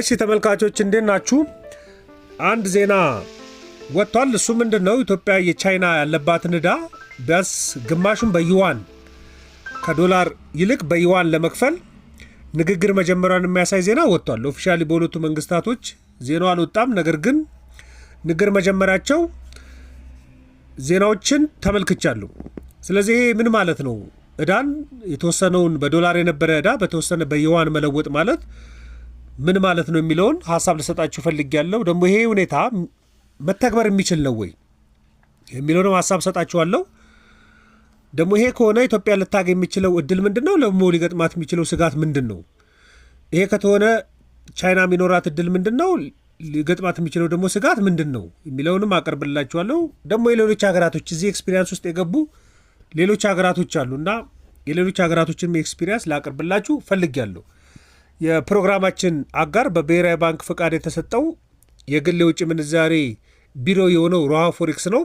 እሺ ተመልካቾች እንዴት ናችሁ? አንድ ዜና ወጥቷል። እሱ ምንድን ነው? ኢትዮጵያ የቻይና ያለባትን ዕዳ ቢያንስ ግማሹን በይዋን ከዶላር ይልቅ በይዋን ለመክፈል ንግግር መጀመሪያን የሚያሳይ ዜና ወጥቷል። ኦፊሻሊ በሁለቱ መንግስታቶች ዜናው አልወጣም። ነገር ግን ንግግር መጀመሪያቸው ዜናዎችን ተመልክቻለሁ። ስለዚህ ይሄ ምን ማለት ነው? እዳን የተወሰነውን በዶላር የነበረ እዳ በተወሰነ በይዋን መለወጥ ማለት ምን ማለት ነው የሚለውን ሀሳብ ልሰጣችሁ እፈልጋለሁ። ደግሞ ይሄ ሁኔታ መተግበር የሚችል ነው ወይ የሚለውንም ሀሳብ እሰጣችኋለሁ። ደግሞ ይሄ ከሆነ ኢትዮጵያ ልታገኝ የሚችለው እድል ምንድን ነው? ለሞ ሊገጥማት የሚችለው ስጋት ምንድን ነው? ይሄ ከተሆነ ቻይና የሚኖራት እድል ምንድን ነው? ሊገጥማት የሚችለው ደግሞ ስጋት ምንድን ነው የሚለውንም አቀርብላችኋለሁ። ደግሞ የሌሎች ሀገራቶች እዚህ ኤክስፒሪያንስ ውስጥ የገቡ ሌሎች ሀገራቶች አሉ እና የሌሎች ሀገራቶችን ኤክስፒሪያንስ ላቀርብላችሁ ፈልጌያለሁ። የፕሮግራማችን አጋር በብሔራዊ ባንክ ፈቃድ የተሰጠው የግል የውጭ ምንዛሬ ቢሮ የሆነው ሮሃ ፎሬክስ ነው።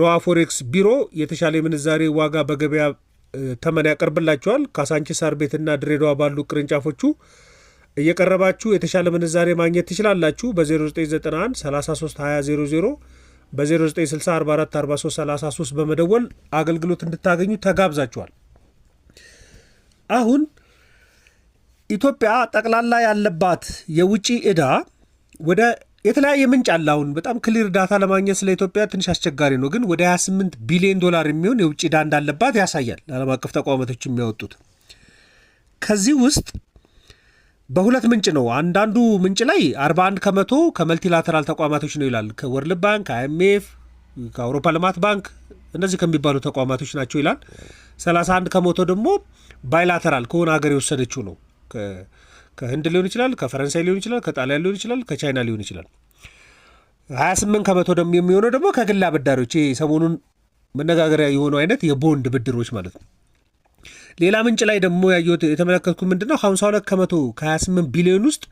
ሮሃ ፎሬክስ ቢሮ የተሻለ የምንዛሬ ዋጋ በገበያ ተመን ያቀርብላቸዋል። ካሳንቺስ አርቤትና ድሬዳዋ ባሉ ቅርንጫፎቹ እየቀረባችሁ የተሻለ ምንዛሬ ማግኘት ትችላላችሁ። በ0991 33200 በ 0964443 በመደወል አገልግሎት እንድታገኙ ተጋብዛችኋል። አሁን ኢትዮጵያ ጠቅላላ ያለባት የውጪ ዕዳ ወደ የተለያየ ምንጭ አለ። አሁን በጣም ክሊር ዳታ ለማግኘት ስለ ኢትዮጵያ ትንሽ አስቸጋሪ ነው፣ ግን ወደ 28 ቢሊዮን ዶላር የሚሆን የውጭ ዕዳ እንዳለባት ያሳያል ለዓለም አቀፍ ተቋማቶች የሚያወጡት። ከዚህ ውስጥ በሁለት ምንጭ ነው። አንዳንዱ ምንጭ ላይ 41 ከመቶ ከመልቲላተራል ተቋማቶች ነው ይላል። ከወርልድ ባንክ፣ ከአይኤምኤፍ፣ ከአውሮፓ ልማት ባንክ እነዚህ ከሚባሉ ተቋማቶች ናቸው ይላል። 31 ከመቶ ደግሞ ባይላተራል ከሆነ ሀገር የወሰደችው ነው። ከህንድ ሊሆን ይችላል፣ ከፈረንሳይ ሊሆን ይችላል፣ ከጣሊያን ሊሆን ይችላል፣ ከቻይና ሊሆን ይችላል። 28 ከመቶ ደግሞ የሚሆነው ደግሞ ከግል አበዳሪዎች ሰሞኑን መነጋገሪያ የሆኑ አይነት የቦንድ ብድሮች ማለት ነው። ሌላ ምንጭ ላይ ደግሞ ያየሁት የተመለከትኩ ምንድን ነው 52 ከመቶ ከ28 ቢሊዮን ውስጥ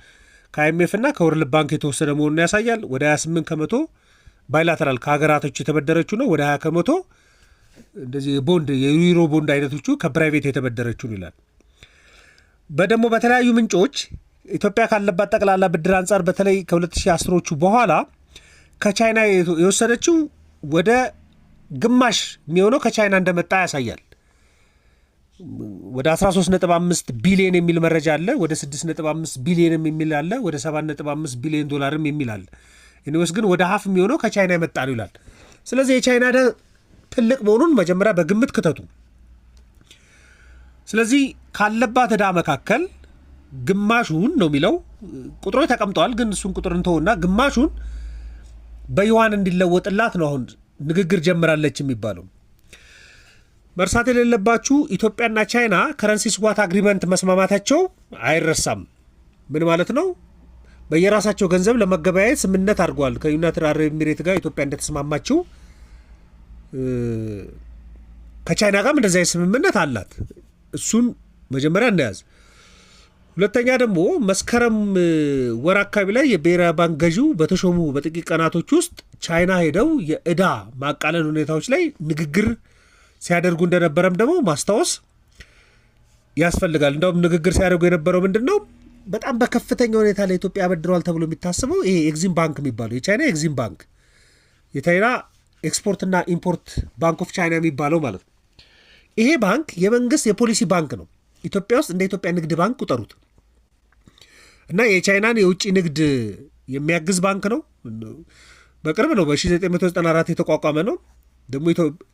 ከአይኤምኤፍ እና ከወርልድ ባንክ የተወሰደ መሆኑን ያሳያል። ወደ 28 ከመቶ ባይላተራል ከሀገራቶች የተበደረችው ነው። ወደ 20 ከመቶ እንደዚህ ቦንድ የዩሮ ቦንድ አይነቶቹ ከፕራይቬት የተበደረችውን ይላል። በደግሞ በተለያዩ ምንጮች ኢትዮጵያ ካለባት ጠቅላላ ብድር አንጻር በተለይ ከ2010ዎቹ በኋላ ከቻይና የወሰደችው ወደ ግማሽ የሚሆነው ከቻይና እንደመጣ ያሳያል። ወደ 13.5 ቢሊዮን የሚል መረጃ አለ። ወደ 6.5 ቢሊዮንም የሚል አለ። ወደ 7.5 ቢሊዮን ዶላርም የሚል አለ። ኒስ ግን ወደ ሀፍ የሚሆነው ከቻይና የመጣ ነው ይላል። ስለዚህ የቻይና ዕዳ ትልቅ መሆኑን መጀመሪያ በግምት ክተቱ። ስለዚህ ካለባት ዕዳ መካከል ግማሹን ነው የሚለው ቁጥሮች ተቀምጠዋል፣ ግን እሱን ቁጥር እንተውና ግማሹን በይዋን እንዲለወጥላት ነው አሁን ንግግር ጀምራለች የሚባለው። መርሳት የሌለባችሁ ኢትዮጵያና ቻይና ከረንሲ ስዋት አግሪመንት መስማማታቸው አይረሳም። ምን ማለት ነው? በየራሳቸው ገንዘብ ለመገበያየት ስምምነት አድርጓል። ከዩናይትድ አረብ ኤሚሬት ጋር ኢትዮጵያ እንደተስማማችው ከቻይና ጋርም እንደዚያ ስምምነት አላት። እሱን መጀመሪያ እናያዝ። ሁለተኛ ደግሞ መስከረም ወር አካባቢ ላይ የብሔራዊ ባንክ ገዢው በተሾሙ በጥቂት ቀናቶች ውስጥ ቻይና ሄደው የእዳ ማቃለል ሁኔታዎች ላይ ንግግር ሲያደርጉ እንደነበረም ደግሞ ማስታወስ ያስፈልጋል። እንደውም ንግግር ሲያደርጉ የነበረው ምንድን ነው? በጣም በከፍተኛ ሁኔታ ለኢትዮጵያ ያበድረዋል ተብሎ የሚታስበው ይሄ ኤግዚም ባንክ የሚባለው የቻይና ኤግዚም ባንክ የቻይና ኤክስፖርትና ኢምፖርት ባንክ ኦፍ ቻይና የሚባለው ማለት ነው ይሄ ባንክ የመንግስት የፖሊሲ ባንክ ነው። ኢትዮጵያ ውስጥ እንደ ኢትዮጵያ ንግድ ባንክ ቁጠሩት እና የቻይናን የውጭ ንግድ የሚያግዝ ባንክ ነው። በቅርብ ነው በ1994 የተቋቋመ ነው። ደግሞ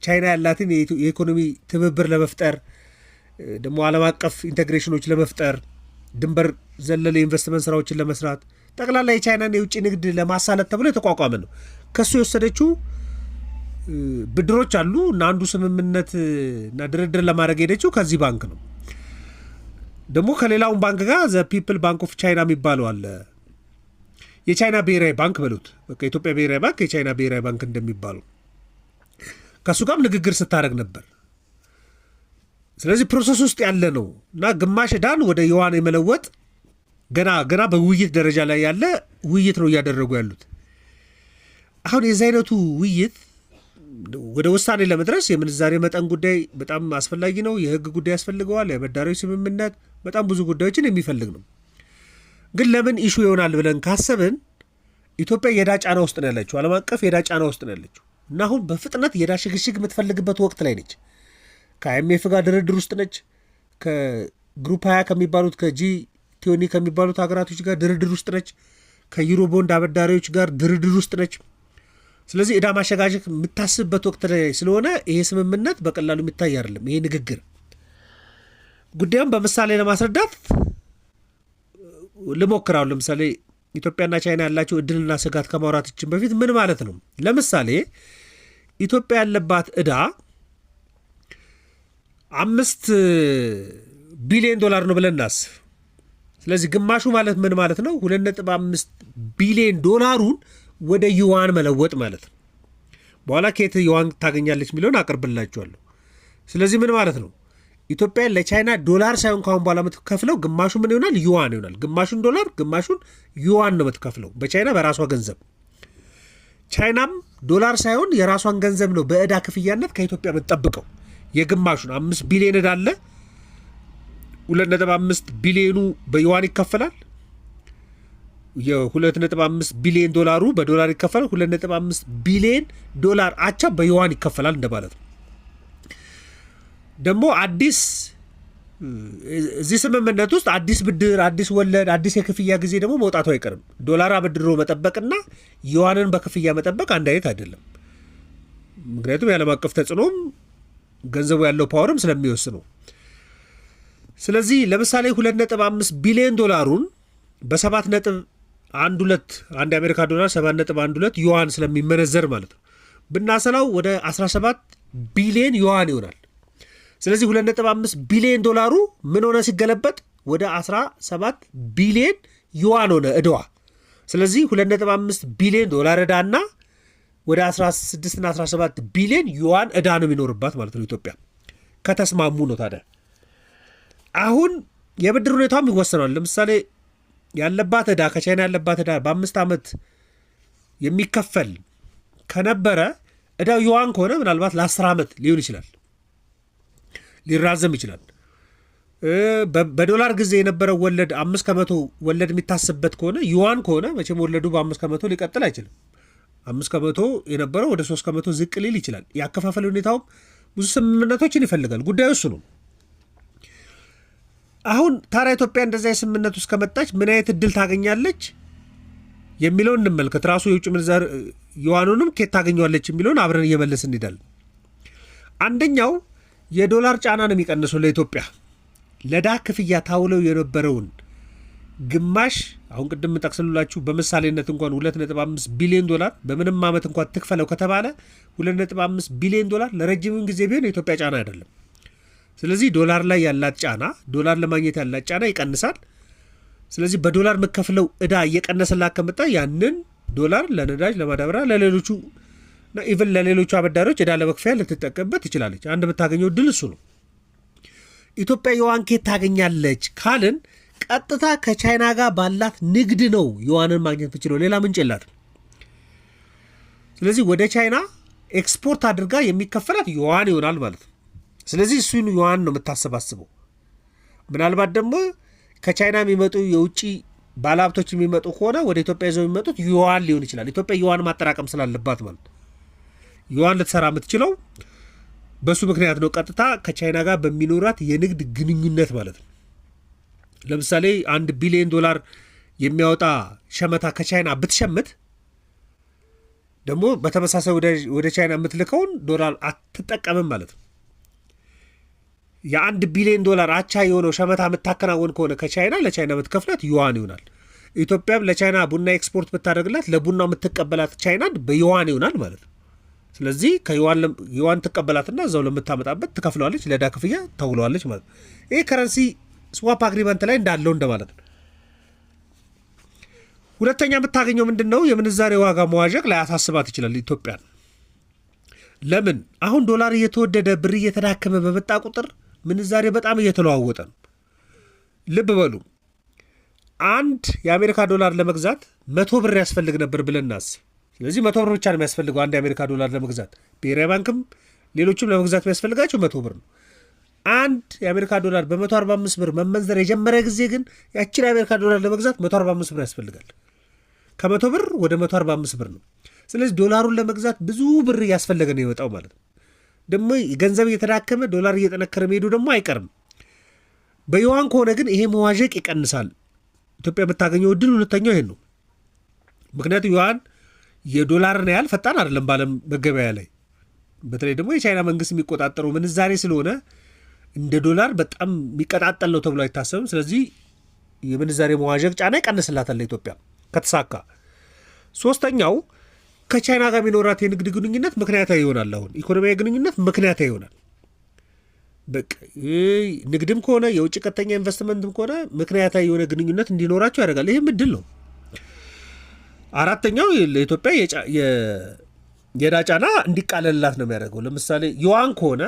ቻይና ያላትን የኢኮኖሚ ትብብር ለመፍጠር ደግሞ ዓለም አቀፍ ኢንቴግሬሽኖች ለመፍጠር ድንበር ዘለለ ኢንቨስትመንት ስራዎችን ለመስራት ጠቅላላ የቻይናን የውጭ ንግድ ለማሳለጥ ተብሎ የተቋቋመ ነው። ከሱ የወሰደችው ብድሮች አሉ እና አንዱ ስምምነት እና ድርድር ለማድረግ ሄደችው ከዚህ ባንክ ነው። ደግሞ ከሌላውን ባንክ ጋር ዘ ፒፕል ባንክ ኦፍ ቻይና የሚባለው አለ። የቻይና ብሔራዊ ባንክ በሉት በቃ የኢትዮጵያ ብሔራዊ ባንክ የቻይና ብሔራዊ ባንክ እንደሚባለው ከእሱ ጋርም ንግግር ስታደረግ ነበር። ስለዚህ ፕሮሰስ ውስጥ ያለ ነው እና ግማሽ ዕዳን ወደ የዋን የመለወጥ ገና ገና በውይይት ደረጃ ላይ ያለ ውይይት ነው እያደረጉ ያሉት። አሁን የዚህ አይነቱ ውይይት ወደ ውሳኔ ለመድረስ የምንዛሬ መጠን ጉዳይ በጣም አስፈላጊ ነው። የህግ ጉዳይ ያስፈልገዋል። የበዳሪዎች ስምምነት በጣም ብዙ ጉዳዮችን የሚፈልግ ነው። ግን ለምን ኢሹ ይሆናል ብለን ካሰብን ኢትዮጵያ የዕዳ ጫና ውስጥ ነው ያለችው። ዓለም አቀፍ የዕዳ ጫና ውስጥ ነው ያለችው እና አሁን በፍጥነት የዕዳ ሽግሽግ የምትፈልግበት ወቅት ላይ ነች። ከአይኤምኤፍ ጋር ድርድር ውስጥ ነች። ከግሩፕ ሀያ ከሚባሉት ከጂ ቲዮኒ ከሚባሉት ሀገራቶች ጋር ድርድር ውስጥ ነች። ከዩሮቦንድ አበዳሪዎች ጋር ድርድር ውስጥ ነች። ስለዚህ እዳ ማሸጋሸግ የምታስብበት ወቅት ላይ ስለሆነ ይሄ ስምምነት በቀላሉ የሚታይ አይደለም። ይሄ ንግግር ጉዳዩን በምሳሌ ለማስረዳት ልሞክራው። ለምሳሌ ኢትዮጵያና ቻይና ያላቸው እድልና ስጋት ከማውራትችን በፊት ምን ማለት ነው? ለምሳሌ ኢትዮጵያ ያለባት እዳ አምስት ቢሊዮን ዶላር ነው ብለን እናስብ። ስለዚህ ግማሹ ማለት ምን ማለት ነው? ሁለት ነጥብ አምስት ቢሊዮን ዶላሩን ወደ ዩዋን መለወጥ ማለት ነው። በኋላ ከየት ዩዋን ታገኛለች የሚለውን አቅርብላችኋለሁ። ስለዚህ ምን ማለት ነው? ኢትዮጵያ ለቻይና ዶላር ሳይሆን ካሁን በኋላ የምትከፍለው ግማሹ ምን ይሆናል? ዩዋን ይሆናል። ግማሹን ዶላር፣ ግማሹን ዩዋን ነው የምትከፍለው በቻይና በራሷ ገንዘብ። ቻይናም ዶላር ሳይሆን የራሷን ገንዘብ ነው በእዳ ክፍያነት ከኢትዮጵያ የምትጠብቀው። የግማሹን አምስት ቢሊዮን ዕዳ አለ። ሁለት ነጥብ አምስት ቢሊዮኑ በዩዋን ይከፈላል። የ2.5 ቢሊዮን ዶላሩ በዶላር ይከፈላል። 2.5 ቢሊዮን ዶላር አቻ በዩዋን ይከፈላል እንደማለት ነው። ደግሞ አዲስ እዚህ ስምምነት ውስጥ አዲስ ብድር፣ አዲስ ወለድ፣ አዲስ የክፍያ ጊዜ ደግሞ መውጣቱ አይቀርም። ዶላር አበድሮ መጠበቅና ዩዋንን በክፍያ መጠበቅ አንድ አይነት አይደለም። ምክንያቱም የዓለም አቀፍ ተጽዕኖም ገንዘቡ ያለው ፓወርም ስለሚወስነው። ስለዚህ ለምሳሌ 2.5 ቢሊዮን ዶላሩን በሰባት ነጥብ አንድ ሁለት አንድ የአሜሪካ ዶላር ሁለት ዩዋን ስለሚመነዘር ማለት ነው ብናሰላው ወደ 17 ቢሊዮን ዩዋን ይሆናል። ስለዚህ 2.5 ቢሊዮን ዶላሩ ምን ሆነ ሲገለበጥ ወደ 17 ቢሊዮን ዩዋን ሆነ እዳዋ። ስለዚህ 2.5 ቢሊዮን ዶላር እዳና ወደ 16ና 17 ቢሊዮን ዩዋን እዳ ነው የሚኖርባት ማለት ነው ኢትዮጵያ ከተስማሙ ነው። ታዲያ አሁን የብድር ሁኔታም ይወሰናል። ለምሳሌ ያለባት ዕዳ ከቻይና ያለባት ዕዳ በአምስት ዓመት የሚከፈል ከነበረ ዕዳው ዩዋን ከሆነ ምናልባት ለአስር ዓመት ሊሆን ይችላል፣ ሊራዘም ይችላል። በዶላር ጊዜ የነበረው ወለድ አምስት ከመቶ ወለድ የሚታስበት ከሆነ ዩዋን ከሆነ መቼም ወለዱ በአምስት ከመቶ ሊቀጥል አይችልም። አምስት ከመቶ የነበረው ወደ ሶስት ከመቶ ዝቅ ሊል ይችላል። የአከፋፈል ሁኔታውም ብዙ ስምምነቶችን ይፈልጋል። ጉዳዩ እሱ ነው። አሁን ታሪያ ኢትዮጵያ እንደዚያ የስምምነት ውስጥ ከመጣች ምን አይነት እድል ታገኛለች የሚለውን እንመልከት። ራሱ የውጭ ምንዛር የዋኑንም ኬት ታገኘዋለች የሚለውን አብረን እየመለስ እንሄዳል። አንደኛው የዶላር ጫና ነው የሚቀንሰው ለኢትዮጵያ ለዳ ክፍያ ታውለው የነበረውን ግማሽ አሁን ቅድም ጠቅስሉላችሁ በምሳሌነት እንኳን 2.5 ቢሊዮን ዶላር በምንም ዓመት እንኳን ትክፈለው ከተባለ 2.5 ቢሊዮን ዶላር ለረጅም ጊዜ ቢሆን የኢትዮጵያ ጫና አይደለም። ስለዚህ ዶላር ላይ ያላት ጫና ዶላር ለማግኘት ያላት ጫና ይቀንሳል። ስለዚህ በዶላር የምከፍለው እዳ እየቀነሰላት ከመጣ ያንን ዶላር ለነዳጅ፣ ለማዳበሪያ፣ ለሌሎቹ ኢቨን ለሌሎቹ አበዳሪዎች እዳ ለመክፈያ ልትጠቀምበት ትችላለች። አንድ የምታገኘው ድል እሱ ነው። ኢትዮጵያ የዋን ኬት ታገኛለች ካልን ቀጥታ ከቻይና ጋር ባላት ንግድ ነው የዋንን ማግኘት የምችለው ሌላ ምንጭ የላት። ስለዚህ ወደ ቻይና ኤክስፖርት አድርጋ የሚከፈላት የዋን ይሆናል ማለት ነው። ስለዚህ እሱን ዩዋን ነው የምታሰባስበው። ምናልባት ደግሞ ከቻይና የሚመጡ የውጭ ባለሀብቶች የሚመጡ ከሆነ ወደ ኢትዮጵያ ይዘው የሚመጡት ዩዋን ሊሆን ይችላል። ኢትዮጵያ ዩዋን ማጠራቀም ስላለባት ማለት ዩዋን ልትሰራ የምትችለው በእሱ ምክንያት ነው። ቀጥታ ከቻይና ጋር በሚኖራት የንግድ ግንኙነት ማለት ነው። ለምሳሌ አንድ ቢሊዮን ዶላር የሚያወጣ ሸመታ ከቻይና ብትሸምት ደግሞ በተመሳሳይ ወደ ቻይና የምትልከውን ዶላር አትጠቀምም ማለት ነው። የአንድ ቢሊዮን ዶላር አቻ የሆነው ሸመታ የምታከናወን ከሆነ ከቻይና ለቻይና የምትከፍላት ዩዋን ይሆናል። ኢትዮጵያም ለቻይና ቡና ኤክስፖርት ብታደርግላት ለቡና የምትቀበላት ቻይናን በዩዋን ይሆናል ማለት ነው። ስለዚህ ከዩዋን ትቀበላትና እዛው ለምታመጣበት ትከፍለዋለች፣ ለዕዳ ክፍያ ተውለዋለች ማለት ነው። ይህ ከረንሲ ስዋፕ አግሪመንት ላይ እንዳለው እንደማለት ነው። ሁለተኛ የምታገኘው ምንድን ነው? የምንዛሬ ዋጋ መዋዠቅ አሳስባት ይችላል ኢትዮጵያን። ለምን አሁን ዶላር እየተወደደ ብር እየተዳከመ በመጣ ቁጥር ምንዛሬ በጣም እየተለዋወጠ ነው። ልብ በሉ አንድ የአሜሪካ ዶላር ለመግዛት መቶ ብር ያስፈልግ ነበር ብለን እናስብ። ስለዚህ መቶ ብር ብቻ ነው የሚያስፈልገው አንድ የአሜሪካ ዶላር ለመግዛት ብሔራዊ ባንክም ሌሎችም ለመግዛት የሚያስፈልጋቸው መቶ ብር ነው። አንድ የአሜሪካ ዶላር በ 45 ብር መመንዘር የጀመረ ጊዜ ግን ያችን የአሜሪካ ዶላር ለመግዛት 145 ብር ያስፈልጋል። ከመቶ ብር ወደ 145 ብር ነው። ስለዚህ ዶላሩን ለመግዛት ብዙ ብር እያስፈለገ ነው የወጣው ማለት ነው። ደግሞ ገንዘብ እየተዳከመ ዶላር እየጠነከረ መሄዱ ደግሞ አይቀርም። በየዋን ከሆነ ግን ይሄ መዋዠቅ ይቀንሳል። ኢትዮጵያ የምታገኘው እድል ሁለተኛው ይሄን ነው። ምክንያቱም ዩዋን የዶላርን ያህል ፈጣን አይደለም በዓለም መገበያ ላይ በተለይ ደግሞ የቻይና መንግስት የሚቆጣጠረው ምንዛሬ ስለሆነ እንደ ዶላር በጣም የሚቀጣጠል ነው ተብሎ አይታሰብም። ስለዚህ የምንዛሬ መዋዠቅ ጫና ይቀንስላታል ለኢትዮጵያ ከተሳካ። ሶስተኛው ከቻይና ጋር የሚኖራት የንግድ ግንኙነት ምክንያታዊ ይሆናል። አሁን ኢኮኖሚያዊ ግንኙነት ምክንያታዊ ይሆናል። ንግድም ከሆነ የውጭ ቀጥተኛ ኢንቨስትመንትም ከሆነ ምክንያታዊ የሆነ ግንኙነት እንዲኖራቸው ያደርጋል። ይህም እድል ነው። አራተኛው ለኢትዮጵያ የዕዳ ጫና እንዲቃለልላት ነው የሚያደርገው። ለምሳሌ ዩዋን ከሆነ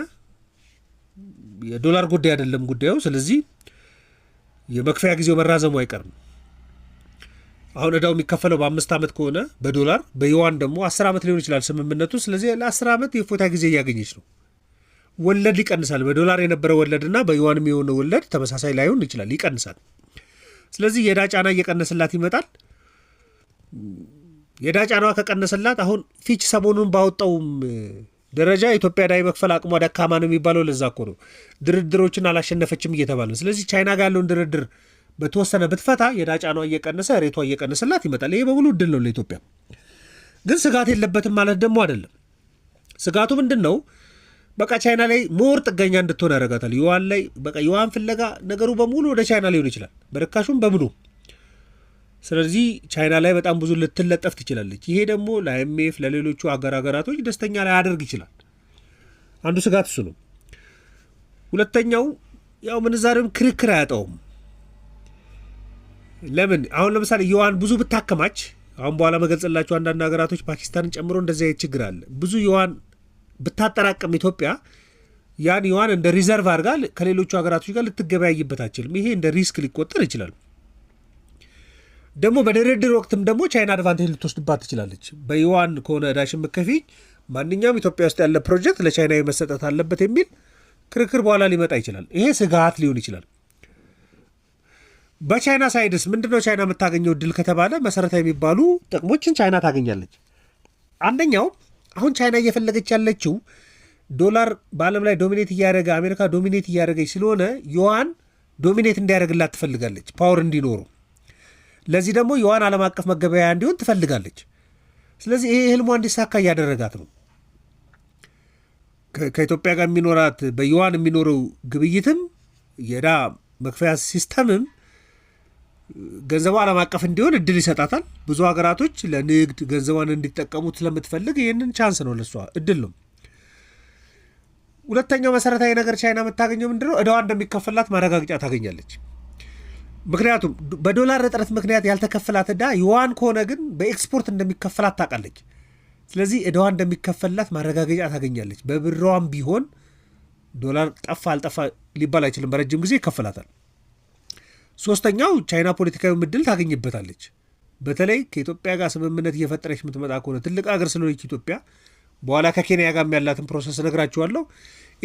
የዶላር ጉዳይ አይደለም ጉዳዩ። ስለዚህ የመክፈያ ጊዜው መራዘሙ አይቀርም። አሁን እዳው የሚከፈለው በአምስት ዓመት ከሆነ በዶላር በዩዋን ደግሞ አስር ዓመት ሊሆን ይችላል ስምምነቱ። ስለዚህ ለአስር ዓመት የፎታ ጊዜ እያገኘች ነው። ወለድ ይቀንሳል። በዶላር የነበረ ወለድና በዩዋን የሚሆነ ወለድ ተመሳሳይ ላይሆን ይችላል፣ ይቀንሳል። ስለዚህ የዕዳ ጫና እየቀነሰላት ይመጣል። የዕዳ ጫናዋ ከቀነሰላት አሁን ፊች ሰሞኑን ባወጣውም ደረጃ ኢትዮጵያ ዕዳ የመክፈል አቅሟ ደካማ ነው የሚባለው ለዛ እኮ ነው። ድርድሮችን አላሸነፈችም እየተባለ ስለዚህ ቻይና ጋር ያለውን ድርድር በተወሰነ ብትፈታ የዳጫኗ እየቀነሰ ሬቷ እየቀነሰላት ይመጣል። ይሄ በሙሉ እድል ነው ለኢትዮጵያ። ግን ስጋት የለበትም ማለት ደግሞ አይደለም። ስጋቱ ምንድን ነው? በቃ ቻይና ላይ ሞር ጥገኛ እንድትሆን ያደርጋታል። ዩዋን ላይ በቃ ዩዋን ፍለጋ ነገሩ በሙሉ ወደ ቻይና ሊሆን ይችላል፣ በርካሹም በምኑ። ስለዚህ ቻይና ላይ በጣም ብዙ ልትለጠፍ ትችላለች። ይሄ ደግሞ ለአይኤምኤፍ ለሌሎቹ አገር ሀገራቶች ደስተኛ ያደርግ ይችላል። አንዱ ስጋት እሱ ነው። ሁለተኛው ያው ምንዛሬም ክርክር አያጣውም። ለምን አሁን ለምሳሌ ዩዋን ብዙ ብታከማች አሁን በኋላ መገልጽላቸው አንዳንድ ሀገራቶች ፓኪስታንን ጨምሮ እንደዚያ ችግር አለ። ብዙ ዩዋን ብታጠራቅም ኢትዮጵያ ያን ዩዋን እንደ ሪዘርቭ አድርጋ ከሌሎቹ ሀገራቶች ጋር ልትገበያይበት አችልም። ይሄ እንደ ሪስክ ሊቆጠር ይችላል። ደግሞ በድርድር ወቅትም ደግሞ ቻይና አድቫንቴጅ ልትወስድባት ትችላለች። በዩዋን ከሆነ ዕዳሽን ምከፊ ማንኛውም ኢትዮጵያ ውስጥ ያለ ፕሮጀክት ለቻይና መሰጠት አለበት የሚል ክርክር በኋላ ሊመጣ ይችላል። ይሄ ስጋት ሊሆን ይችላል። በቻይና ሳይድስ ምንድነው ቻይና የምታገኘው ድል ከተባለ መሰረታዊ የሚባሉ ጥቅሞችን ቻይና ታገኛለች። አንደኛው አሁን ቻይና እየፈለገች ያለችው ዶላር በዓለም ላይ ዶሚኔት እያደረገ አሜሪካ ዶሚኔት እያደረገች ስለሆነ ዮዋን ዶሚኔት እንዲያደርግላት ትፈልጋለች፣ ፓወር እንዲኖሩ። ለዚህ ደግሞ ዮዋን ዓለም አቀፍ መገበያያ እንዲሆን ትፈልጋለች። ስለዚህ ይሄ ህልሟ እንዲሳካ እያደረጋት ነው። ከኢትዮጵያ ጋር የሚኖራት በዮዋን የሚኖረው ግብይትም የዕዳ መክፈያ ሲስተምም ገንዘቡ ዓለም አቀፍ እንዲሆን እድል ይሰጣታል። ብዙ ሀገራቶች ለንግድ ገንዘቧን እንዲጠቀሙ ስለምትፈልግ ይህንን ቻንስ ነው ለሷ እድል ነው። ሁለተኛው መሰረታዊ ነገር ቻይና የምታገኘው ምንድነው? እዳዋ እንደሚከፈላት ማረጋገጫ ታገኛለች። ምክንያቱም በዶላር እጥረት ምክንያት ያልተከፈላት እዳ ዩዋን ከሆነ ግን በኤክስፖርት እንደሚከፈላት ታውቃለች። ስለዚህ እዳዋ እንደሚከፈላት ማረጋገጫ ታገኛለች። በብሯም ቢሆን ዶላር ጠፋ አልጠፋ ሊባል አይችልም። በረጅም ጊዜ ይከፈላታል። ሶስተኛው ቻይና ፖለቲካዊ ምድል ታገኝበታለች። በተለይ ከኢትዮጵያ ጋር ስምምነት እየፈጠረች የምትመጣ ከሆነ ትልቅ ሀገር ስለሆነች ኢትዮጵያ በኋላ ከኬንያ ጋር ያላትን ፕሮሰስ እነግራችኋለሁ።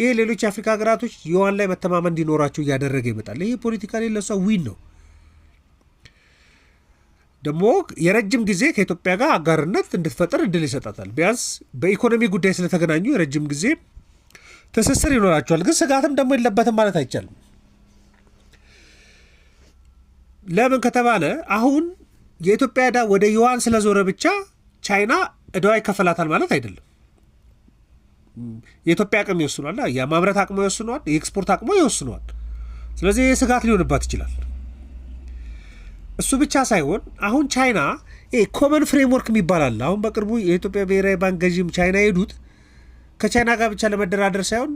ይሄ ሌሎች የአፍሪካ ሀገራቶች የዋን ላይ መተማመን እንዲኖራቸው እያደረገ ይመጣል። ይሄ ፖለቲካ ለሷ ዊን ነው። ደግሞ የረጅም ጊዜ ከኢትዮጵያ ጋር አጋርነት እንድትፈጥር እድል ይሰጣታል። ቢያንስ በኢኮኖሚ ጉዳይ ስለተገናኙ የረጅም ጊዜ ትስስር ይኖራቸዋል። ግን ስጋትም ደግሞ የለበትም ማለት አይቻልም። ለምን ከተባለ አሁን የኢትዮጵያ ዕዳ ወደ ዩዋን ስለዞረ ብቻ ቻይና ዕዳዋ ይከፈላታል ማለት አይደለም። የኢትዮጵያ አቅም ይወስኗል፣ የማምረት አቅሞ ይወስኗል፣ የኤክስፖርት አቅሞ ይወስኗል። ስለዚህ ይህ ስጋት ሊሆንባት ይችላል። እሱ ብቻ ሳይሆን አሁን ቻይና ኮመን ፍሬምወርክ የሚባል አሁን በቅርቡ የኢትዮጵያ ብሔራዊ ባንክ ገዥም ቻይና የሄዱት ከቻይና ጋር ብቻ ለመደራደር ሳይሆን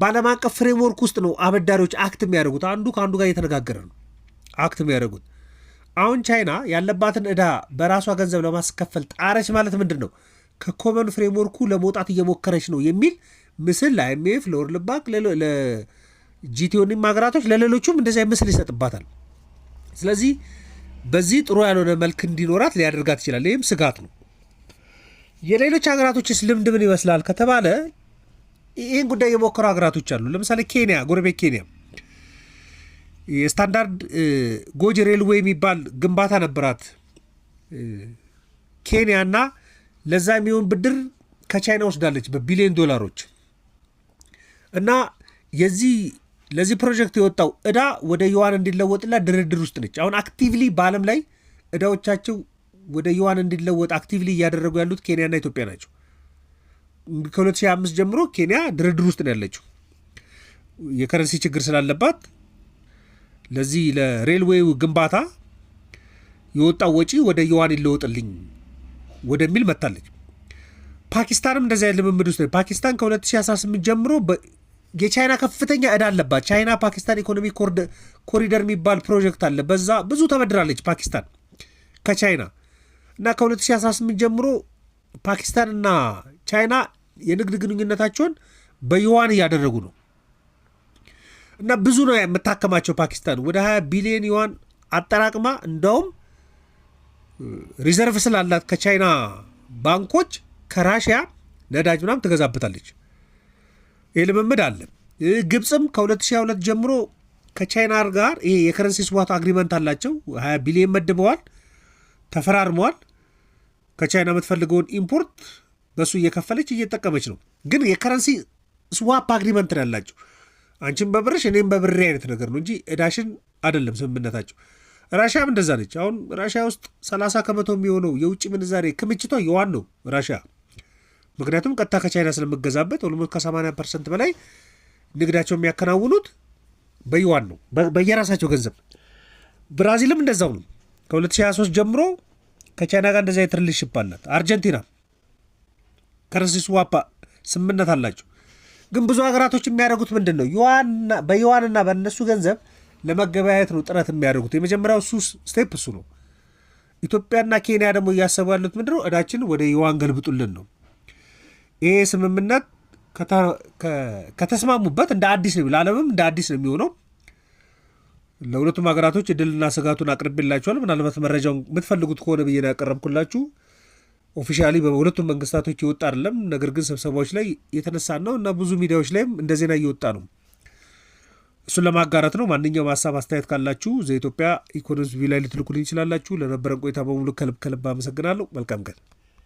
በዓለም አቀፍ ፍሬምወርክ ውስጥ ነው አበዳሪዎች አክት የሚያደርጉት። አንዱ ከአንዱ ጋር እየተነጋገረ ነው። አክት የሚያደርጉት። አሁን ቻይና ያለባትን ዕዳ በራሷ ገንዘብ ለማስከፈል ጣረች ማለት ምንድን ነው? ከኮመን ፍሬምወርኩ ለመውጣት እየሞከረች ነው የሚል ምስል ለአይምኤፍ፣ ለወርል ባንክ፣ ለጂቲዮኒም ሀገራቶች ለሌሎቹም እንደዚያ ምስል ይሰጥባታል። ስለዚህ በዚህ ጥሩ ያልሆነ መልክ እንዲኖራት ሊያደርጋት ይችላል። ይህም ስጋት ነው። የሌሎች ሀገራቶችስ ልምድ ምን ይመስላል ከተባለ ይህን ጉዳይ የሞከሩ ሀገራቶች አሉ። ለምሳሌ ኬንያ፣ ጎረቤት ኬንያ የስታንዳርድ ጎጅ ሬልዌይ የሚባል ግንባታ ነበራት ኬንያ እና ለዛ የሚሆን ብድር ከቻይና ወስዳለች በቢሊዮን ዶላሮች እና የዚህ ለዚህ ፕሮጀክት የወጣው እዳ ወደ ዩዋን እንዲለወጥላ ድርድር ውስጥ ነች። አሁን አክቲቭሊ በዓለም ላይ እዳዎቻቸው ወደ ዩዋን እንዲለወጥ አክቲቭሊ እያደረጉ ያሉት ኬንያና ኢትዮጵያ ናቸው። ከ2005 ጀምሮ ኬንያ ድርድር ውስጥ ነው ያለችው የከረንሲ ችግር ስላለባት ለዚህ ለሬልዌው ግንባታ የወጣው ወጪ ወደ ዩዋን ይለወጥልኝ ወደሚል መታለች። ፓኪስታንም እንደዚህ አይነት ልምምድ ውስጥ ፓኪስታን ከ2018 ጀምሮ የቻይና ከፍተኛ እዳ አለባት። ቻይና ፓኪስታን ኢኮኖሚ ኮሪደር የሚባል ፕሮጀክት አለ። በዛ ብዙ ተበድራለች ፓኪስታን ከቻይና እና ከ2018 ጀምሮ ፓኪስታንና ቻይና የንግድ ግንኙነታቸውን በዩዋን እያደረጉ ነው። እና ብዙ ነው የምታከማቸው ፓኪስታን ወደ 20 ቢሊዮን ዩዋን አጠራቅማ እንደውም ሪዘርቭ ስላላት ከቻይና ባንኮች ከራሽያ ነዳጅ ምናም ትገዛበታለች። ይህ ልምምድ አለ። ግብፅም ከ2022 ጀምሮ ከቻይና ጋር ይሄ የከረንሲ ስዋት አግሪመንት አላቸው። 20 ቢሊዮን መድበዋል፣ ተፈራርመዋል። ከቻይና የምትፈልገውን ኢምፖርት በእሱ እየከፈለች እየጠቀመች ነው። ግን የከረንሲ ስዋፕ አግሪመንት ነው ያላቸው አንቺም በብርሽ እኔም በብሬ አይነት ነገር ነው እንጂ እዳሽን አይደለም ስምምነታቸው። ራሽያም እንደዛ ነች። አሁን ራሽያ ውስጥ 30 ከመቶ የሚሆነው የውጭ ምንዛሬ ክምችቷ የዋን ነው ራሽያ። ምክንያቱም ቀጥታ ከቻይና ስለምገዛበት ኦልሞስት ከ80 ፐርሰንት በላይ ንግዳቸው የሚያከናውኑት በየዋን ነው፣ በየራሳቸው ገንዘብ። ብራዚልም እንደዛው ነው። ከ2023 ጀምሮ ከቻይና ጋር እንደዚ የትርልሽ ይባላት። አርጀንቲና ከረንሲ ስዋፓ ስምምነት አላቸው። ግን ብዙ ሀገራቶች የሚያደርጉት ምንድን ነው? በዩዋንና በእነሱ ገንዘብ ለመገበያየት ነው ጥረት የሚያደርጉት። የመጀመሪያው እሱ ስቴፕ እሱ ነው። ኢትዮጵያና ኬንያ ደግሞ እያሰቡ ያሉት ምንድን ነው? እዳችን ወደ ዩዋን ገልብጡልን ነው። ይሄ ስምምነት ከተስማሙበት እንደ አዲስ ነው ለዓለምም እንደ አዲስ ነው የሚሆነው። ለሁለቱም ሀገራቶች እድልና ስጋቱን አቅርቤላችኋል። ምናልባት መረጃውን የምትፈልጉት ከሆነ ብዬ ነው ያቀረብኩላችሁ። ኦፊሻሊ በሁለቱም መንግስታቶች የወጣ አይደለም፣ ነገር ግን ስብሰባዎች ላይ የተነሳ ነው እና ብዙ ሚዲያዎች ላይም እንደ ዜና እየወጣ ነው። እሱን ለማጋራት ነው። ማንኛውም ሀሳብ አስተያየት ካላችሁ ዘኢትዮጵያ ኢኮኖሚስ ቪው ላይ ልትልኩልኝ ይችላላችሁ። ለነበረን ቆይታ በሙሉ ከልብ ከልብ አመሰግናለሁ። መልካም ቀን።